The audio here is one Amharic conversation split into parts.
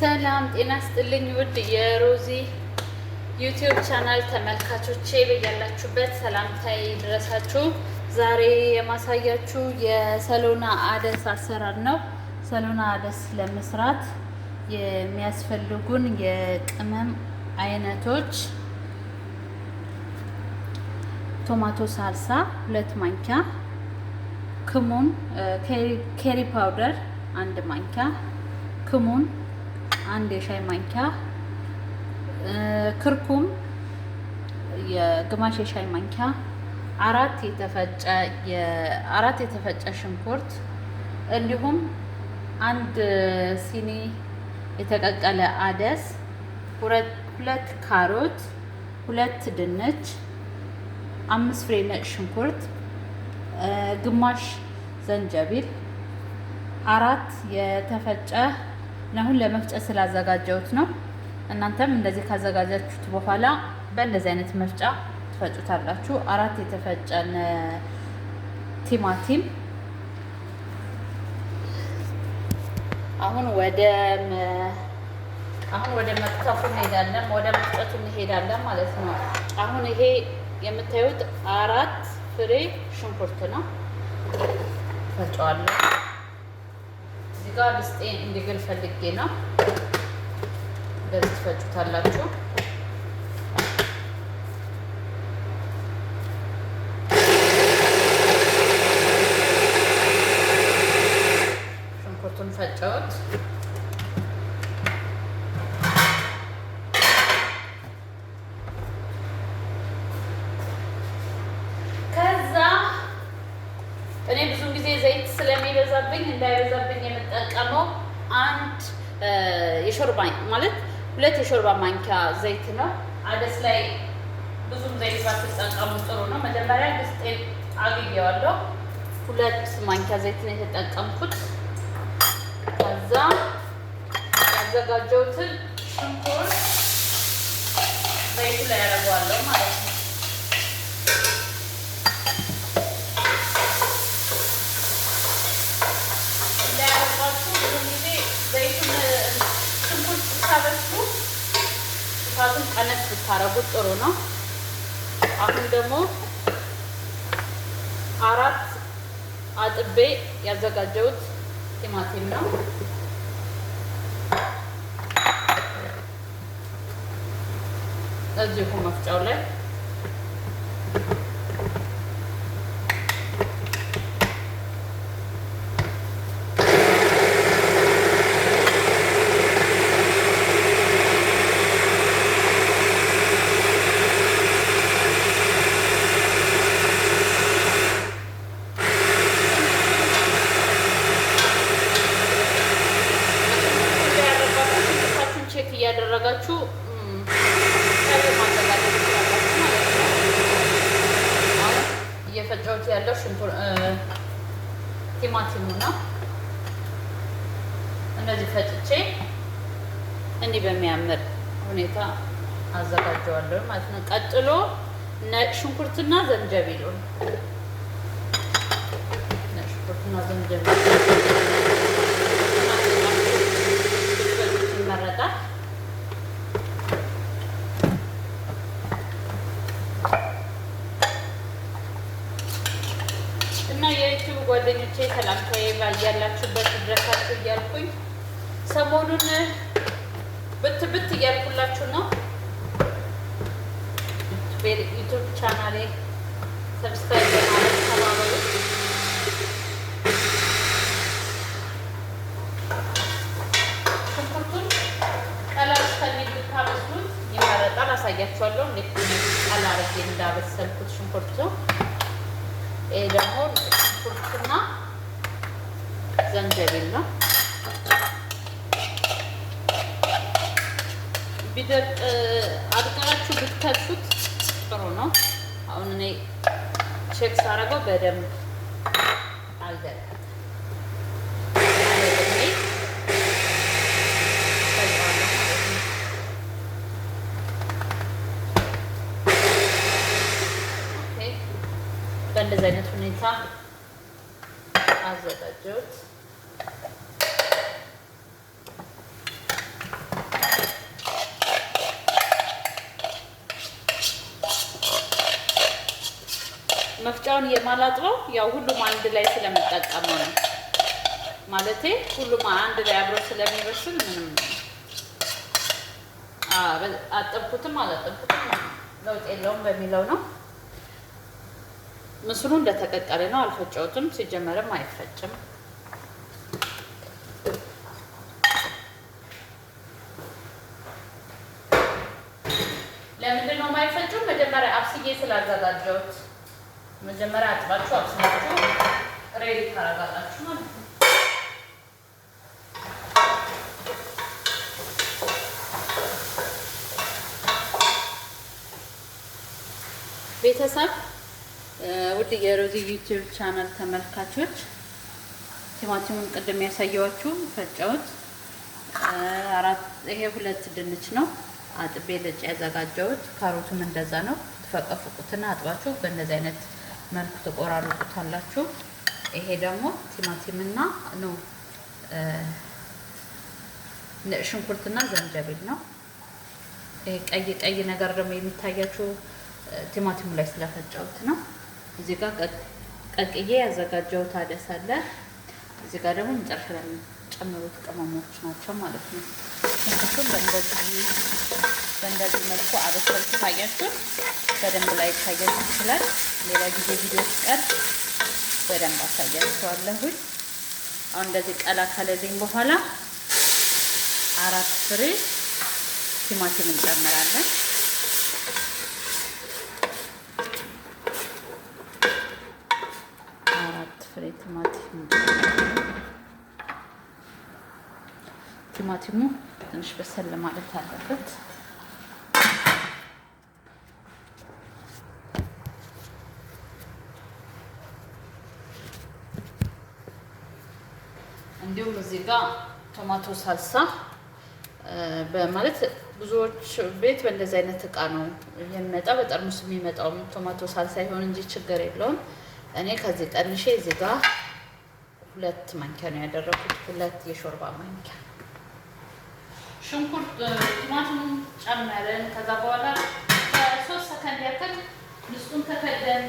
ሰላም ጤና ስጥልኝ ውድ የሮዚ ዩቲዩብ ቻናል ተመልካቾቼ በያላችሁበት ሰላምታዬ ይድረሳችሁ። ዛሬ የማሳያችሁ የሰሎና አደስ አሰራር ነው። ሰሎና አደስ ለመስራት የሚያስፈልጉን የቅመም አይነቶች ቶማቶ ሳልሳ ሁለት ማንኪያ፣ ክሙን፣ ኬሪ ፓውደር አንድ ማንኪያ፣ ክሙን አንድ የሻይ ማንኪያ ክርኩም የግማሽ የሻይ ማንኪያ አራት የተፈጨ የአራት የተፈጨ ሽንኩርት እንዲሁም አንድ ሲኒ የተቀቀለ አደስ ሁለት ካሮት ሁለት ድንች አምስት ፍሬ ነጭ ሽንኩርት ግማሽ ዘንጀቢል አራት የተፈጨ አሁን ለመፍጨት ስላዘጋጀሁት ነው። እናንተም እንደዚህ ካዘጋጃችሁት በኋላ በእንደዚህ አይነት መፍጫ ትፈጩታላችሁ። አራት የተፈጨን ቲማቲም አሁን ወደ አሁን ወደ መቅጠፉ እንሄዳለን፣ ወደ መፍጨቱ እንሄዳለን ማለት ነው። አሁን ይሄ የምታዩት አራት ፍሬ ሽንኩርት ነው። ፈጫዋለሁ ጋር ድስጤን እንዲግል ፈልጌ ነው። እንደዚህ ትፈጩታላችሁ። ሽንኩርቱን ፈጨሁት። የሾርባ ማለት ሁለት የሾርባ ማንኪያ ዘይት ነው። አደስ ላይ ብዙም ዘይት ባትጠቀሙ ጥሩ ነው። መጀመሪያ ድስጤን አግየዋለሁ። ሁለት ማንኪያ ዘይት ነው የተጠቀምኩት። ከዛ ያዘጋጀሁትን ሽንኩርት ዘይቱ ላይ ያደርገዋለሁ ማለት ነው። ጥሩ ነው። አሁን ደግሞ አራት አጥቤ ያዘጋጀሁት ቲማቲም ነው። እዚሁ መፍጫው ላይ አድርጋችሁ እየፈጨሁት ያለው ቲማቲሙ ነው። እነዚህ ፈጭቼ እንዲህ በሚያምር ሁኔታ አዘጋጀዋለሁ ማለት ነው። ቀጥሎ ነጭ ሽንኩርትና ዘንጀቢሉን ሽንኩርትና ዘንጀቢሉን ተመልካቾቼ ሰላምታዬ ባያላችሁበት ድረሳችሁ እያልኩኝ ሰሞኑን ብትብት እያልኩላችሁ ነው። ዩቱብ ቻናሌ ሰብስክራይብ በማለት ተባበሩ። ሽንኩርቱን ብታበስሉት ይመረጣል። አሳያችኋለሁ እንዴት ቀላ አድርጌ እንዳበሰልኩት ሽንኩርቱ ይሄ ደግሞ ሽንኩርቱና ዘንጀቢል ነው። ቢደርቅ አድቅቃችሁ ብትከቱት ጥሩ ነው። አሁን እኔ ቼክ ሳደርገው በደንብ አልደረቀም። በእንደዚህ አይነት ሁኔታ አዘጋጀሁት። ስጋውን የማላጥበው ያው ሁሉም አንድ ላይ ስለምጠቀመው ነው። ማለቴ ሁሉም አንድ ላይ አብሮ ስለሚበስል ምንም አጠብኩትም አላጠብኩትም ለውጥ የለውም በሚለው ነው። ምስሉ እንደተቀቀለ ነው። አልፈጨውትም፣ ሲጀመርም አይፈጭም። ለምንድን ነው የማይፈጭም? መጀመሪያ አብስዬ ስላዘጋጀሁት መጀመሪያ አጥባችሁ አብስናችሁ ሬዲ ታረጋላችሁ ማለት ነው። ቤተሰብ ውድ የሮዚ ዩቲዩብ ቻናል ተመልካቾች ቲማቲሙን ቅድም ያሳየዋችሁ ፈጨሁት። ይሄ ሁለት ድንች ነው አጥቤ ልጬ ያዘጋጀሁት። ካሮቱም እንደዛ ነው። ትፈቀፍቁትና አጥባችሁ በእነዚህ አይነት መልኩ ተቆራርጡታላችሁ። ይሄ ደግሞ ቲማቲምና ነው ሽንኩርትና ዘንጀብል ነው። ቀይ ቀይ ነገር ደግሞ የሚታያችው ቲማቲሙ ላይ ስለፈጨሁት ነው። እዚህ ጋር ቀቅዬ ያዘጋጀሁት አደስ አለ። እዚህ ጋር ደግሞ መጨረሻ ላይ የሚጨምሩት ቅመሞች ናቸው ማለት ነው። ሽንኩርቱን በእንደዚህ መልኩ አበሰልኩ ታያችሁ። በደንብ ላይ ታያችሁ ይችላል። ሌላ ጊዜ ቪዲዮ ሲቀርብ በደንብ አሳያችኋለሁኝ። አሁን እንደዚህ ቀላ ካለልኝ በኋላ አራት ፍሬ ቲማቲም እንጨምራለን። አራት ፍሬ ቲማቲም ቲማቲሙ ትንሽ በሰል ማለት አለበት። እንዲሁም እዚህ ጋር ቶማቶ ሳልሳ በማለት ብዙዎች ቤት በእንደዚህ አይነት እቃ ነው የሚመጣ። በጠርሙስ የሚመጣውም ቶማቶ ሳልሳ ይሆን እንጂ ችግር የለውም። እኔ ከዚህ ቀንሼ እዚህ ጋር ሁለት ማንኪያ ነው ያደረኩት፣ ሁለት የሾርባ ማንኪያ። ሽንኩርት ቲማቲሙን ጨመርን። ከዛ በኋላ ከሶስት ሰከንድ ያክል ንጹን ተከደን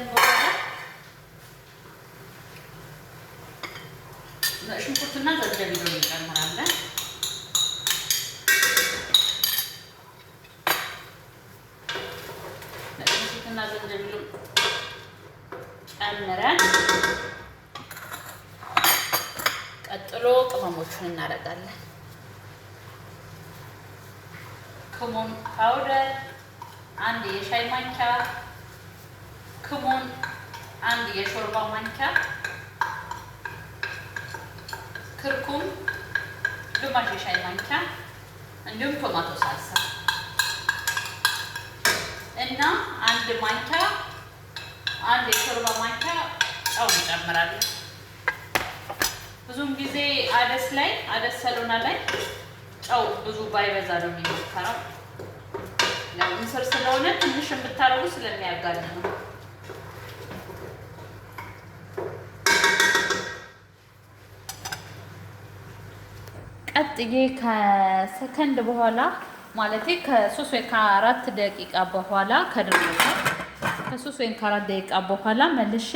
ሽንኩርትና ዘንጀቢሎ እንጨምራለን። ሽንኩርትና ዘንጀቢሎ ጨምረን ቀጥሎ ቅመሞቹን እናደርጋለን። ክሙን ፓውደር አንድ የሻይ ማንኪያ፣ ክሙን አንድ የሾርባ ማንኪያ ክርኩም ግማሽ የሻይ ማንኪያ እንዲሁም ቶማቶ ሳልሳ እና አንድ ማንኪያ አንድ የሾርባ ማንኪያ ጨው እንጨምራለን። ብዙም ጊዜ አደስ ላይ አደስ ሰሎና ላይ ጨው ብዙ ባይበዛ ነው የሚሞከረው። ለምስር ስለሆነ ትንሽ የምታረጉ ስለሚያጋል ነው። ቀጥዬ ከሰከንድ በኋላ ማለት ከሶስት ወይ ከአራት ደቂቃ በኋላ ከድርጎ ከሶስት ወይም ከአራት ደቂቃ በኋላ መልሼ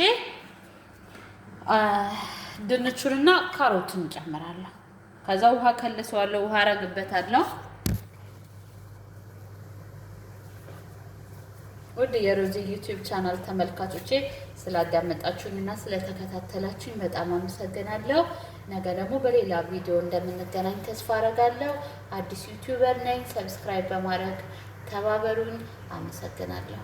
ድንቹንና ካሮትን እንጨምራለሁ። ከዛ ውሃ ከልሰዋለሁ። ውሃ አረግበታለሁ። ውድ የሮዚ ዩቲዩብ ቻናል ተመልካቾቼ ስላዳመጣችሁኝ እና ስለተከታተላችሁኝ በጣም አመሰግናለሁ። ነገ ደግሞ በሌላ ቪዲዮ እንደምንገናኝ ተስፋ አረጋለሁ። አዲስ ዩቲዩበር ነኝ። ሰብስክራይብ በማድረግ ተባበሩኝ። አመሰግናለሁ።